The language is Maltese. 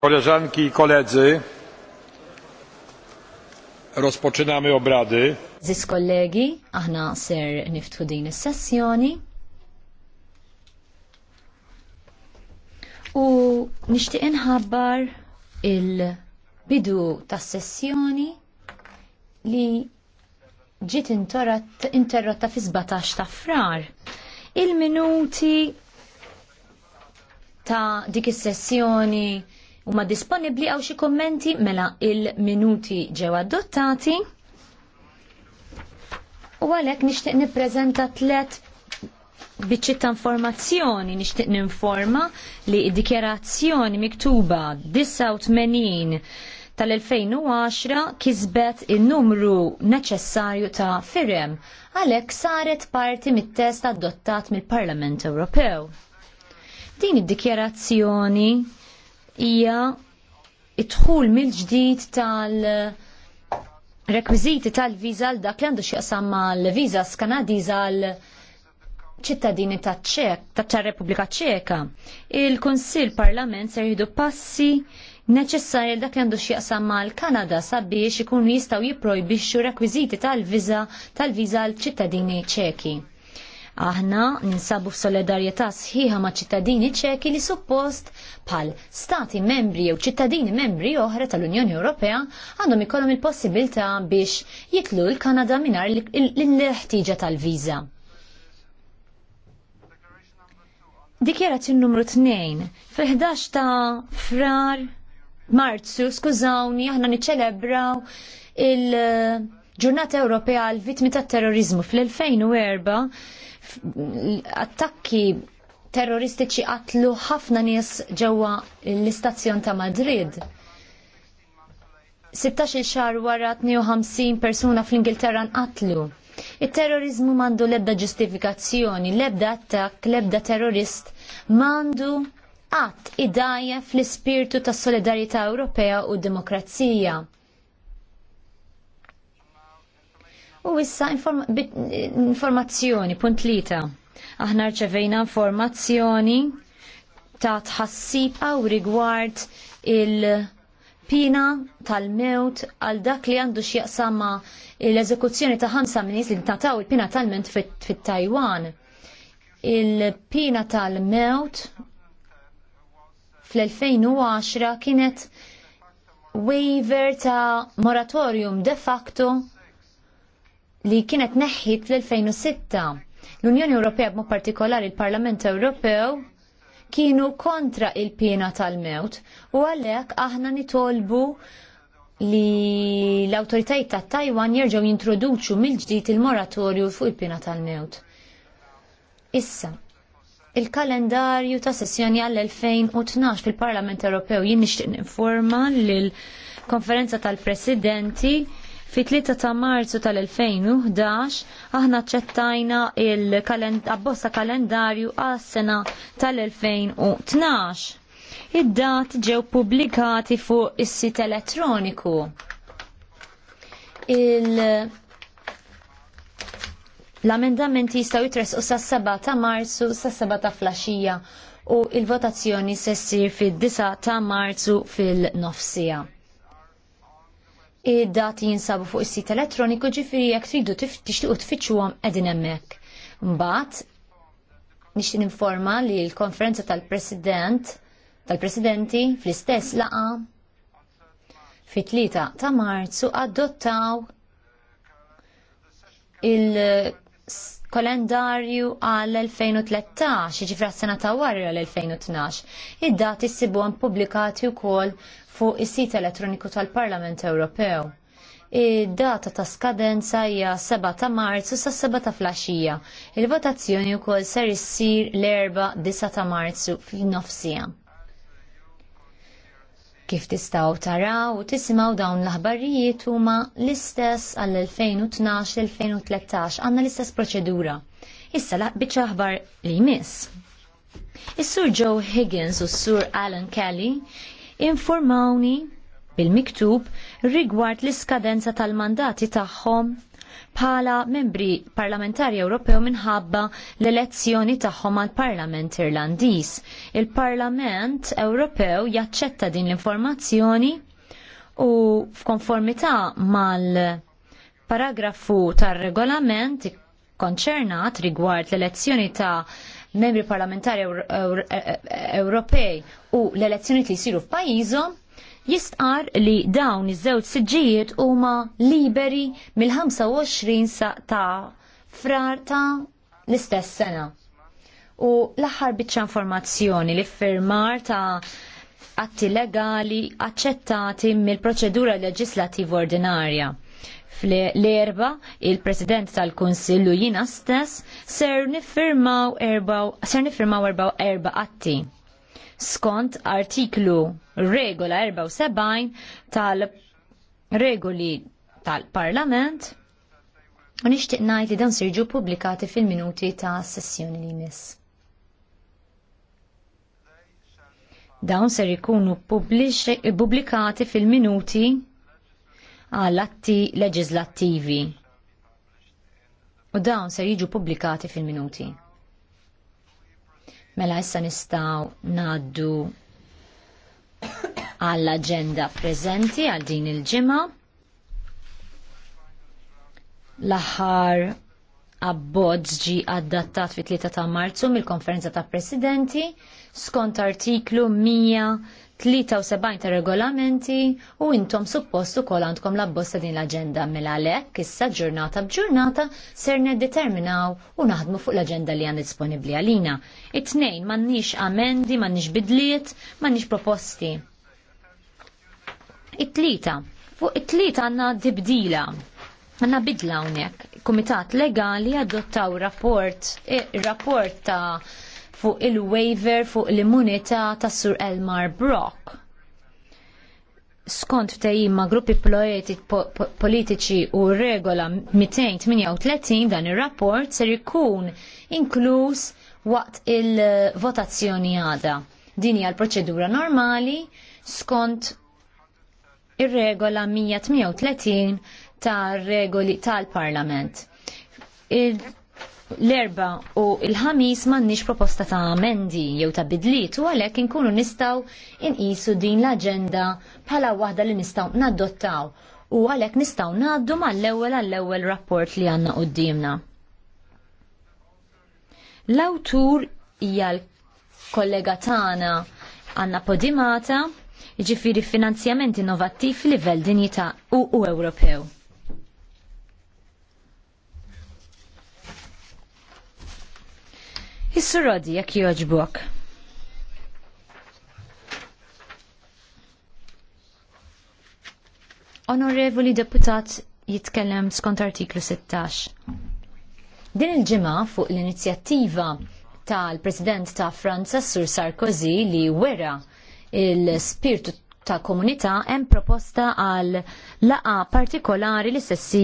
Koleżanki i koledzy, rozpoczynamy obrady. kollegi, aħna ser niftħu din is-sessjoni. U nixtieq inħabbar il-bidu tas-sessjoni li ġiet interrotta fi 17 ta' frar. Il-minuti ta' dik is-sessjoni ma disponibli għaw xi kommenti mela il-minuti ġew adottati. U għalhekk nixtieq nippreżenta tlet biċċiet ta' informazzjoni nixtieq ninforma li d-dikjerazzjoni miktuba 89 tal-2010 kisbet in-numru neċessarju ta' firem għalhekk saret parti mit-test adottat mill-Parlament Ewropew. Din id-dikjerazzjoni hija idħul mill-ġdid tal- rekwiziti tal-viza għal dak li għandu xieqsam mal-viza skanadiza għal ċittadini ta' ċek, ta' Repubblika ċeka. Il-Konsil Parlament ser jidu passi neċessarji dak li għandu xieqsam mal-Kanada sabiex ikunu jistaw jipprojbixxu rekwiziti tal-viza tal viża għal ċittadini ċeki. Aħna ninsabu f'solidarjetà sħiħa ma' ċittadini ċeki li suppost bħal stati membri jew ċittadini membri oħra tal-Unjoni Ewropea għandhom ikollhom il-possibilità biex jitlu l-Kanada mingħajr l ħtieġa tal-viża. Dikjerazzjoni numru 2 fil-11 ta' frar Marzu, skużawni, aħna niċċelebraw il- Ġurnata Ewropea għal vittmi tat terrorizmu fl-2004 attakki terroristiċi qatlu ħafna nies ġewwa l-istazzjon ta' Madrid. 16 xar wara 52 persuna fl-Ingilterra nqatlu. Il-terrorizmu mandu lebda ġustifikazzjoni, lebda attak, lebda terrorist, mandu għat idajja fl-ispirtu ta' solidarieta Ewropea u demokrazija. U issa informazzjoni, punt lita. Aħna rċevejna informazzjoni ta' tħassib għaw rigward il-pina tal-mewt għal dak li għandu x'jaqsama l-eżekuzzjoni ta' ħamsa minis li tataw il-pina tal-mewt fit-Tajwan. Il-pina tal-mewt fl-2010 kienet waiver ta' moratorium de facto li kienet neħħit l-2006. L-Unjoni Ewropea b'mod partikolari il-Parlament Ewropew kienu kontra il-pena tal-mewt u għalhekk aħna nitolbu li l-autoritajiet ta' Taiwan jerġgħu jintroduċu mill-ġdid il-moratorju fuq il-pena tal-mewt. Issa, il-kalendarju ta' sessjoni għall-2012 fil-Parlament Ewropew jien nixtieq informa lill konferenza tal-Presidenti Fit-3 ta' Marzu tal-2011 aħna ċettajna il-abbozza kalendarju għas-sena tal-2012. Id-dat ġew publikati fuq is-sit elettroniku. Il- L-amendamenti jistaw u sas-7 ta' Marzu sas-7 ta' flaxija u il-votazzjoni se ssir fid-9 ta' Marzu fil-nofsija id-dati jinsabu fuq is-sit elettroniku ġifiri jekk tridu tfittxu tfittxuhom qegħdin hemmhekk. Mbagħad nixtieq informa li l-konferenza tal-President tal-Presidenti fl-istess laqa fit-tlieta ta' Marzu adottaw il-kalendarju għal-2013, ġifra s-sena ta' warra l-2012. Id-dati s għan publikati u kol fuq is-sit elettroniku tal-Parlament Ewropew. Id-data ta' skadenza hija 7 ta' Marzu sa' 7 ta' flaxija. Il-votazzjoni wkoll ser issir l-erba' 9 ta' Marzu f'nofsija. Kif tistaw taraw u tisimaw dawn l-aħbarijiet huma l-istess għall-2012-2013 għandna l-istess proċedura. Issa laqbiċ aħbar li jmiss. Is-sur Joe Higgins u s-sur Alan Kelly informawni bil-miktub rigward l-iskadenza tal-mandati tagħhom bħala membri parlamentari Ewropew minħabba l-elezzjoni tagħhom għall parlament Irlandiż. Il-Parlament Ewropew jaċċetta din l-informazzjoni u f'konformità mal-paragrafu tar-regolament konċernat rigward l-elezzjoni ta' membri parlamentari e- e- e- Ewropej u l-elezzjoni li jisiru f'pajjiżhom jistqar li dawn iż-żewġ siġġijiet huma liberi mill-25 sa ta' frar ta' l-istess sena. U l-aħħar biċċa informazzjoni li firmar ta' atti legali aċċettati mill-proċedura leġislativa ordinarja Fl-erba, il-President tal kunsillu jina stess ser nifirmaw erba, ser nifirmaw erba, erba atti. Skont artiklu regola 74 tal-regoli tal-Parlament, u nixtieq ngħid li dan sirġu publikati fil-minuti ta' sessjoni li nis. Dawn ser ikunu pubblikati fil-minuti għal atti leġislattivi. U dawn se jiġu pubblikati fil-minuti. Mela issa nistaw naddu għall-agenda preżenti għal din il-ġimgħa. L-aħħar abbozz ġi adattat fit 3 ta' Marzu mill-Konferenza ta' Presidenti skont artiklu 173 ta' regolamenti u intom suppost ukoll għandkom l-abbozza din l-aġenda mela għalhekk issa ġurnata b'ġurnata ser determinaw u naħdmu fuq l-aġenda li għandha disponibbli għalina. It-tnejn m'għandniex amendi, m'għandniex bidliet, m'għandniex proposti. It-tlieta, fuq it-tlieta għandna dibdila, għandna bidla hawnhekk kumitat legali adottaw rapport, eh, rapport ta' fuq il-waiver fuq l-immunità ta' Sur Elmar Brock. Skont ftehim ma' gruppi politiċi u regola 238 dan ir-rapport ser ikun inkluż waqt il-votazzjoni għada. Din hija l-proċedura normali skont ir-regola 138 ta' regoli tal-Parlament. L-erba u il-ħamis mannix proposta ta' amendi jew ta' bidliet u għalhekk inkunu nistgħu inqisu din l-aġenda bħala waħda li nistgħu nadottaw u għalhekk nistgħu ngħaddu mal-ewwel għall-ewwel rapport li għandna quddiemna. L-awtur hija l-kollega tagħna Anna Podimata, jiġifieri finanzjament innovattiv livell dinjità u, u Ewropew. Is-surodi jekk jogħġbok. Onorevoli deputat jitkellem skont artiklu 16. Din il-ġimgħa fuq l-inizjattiva tal-President ta' Franza Sur Sarkozy li wera il-spirtu ta' komunità hemm proposta għal laqa partikolari li sessi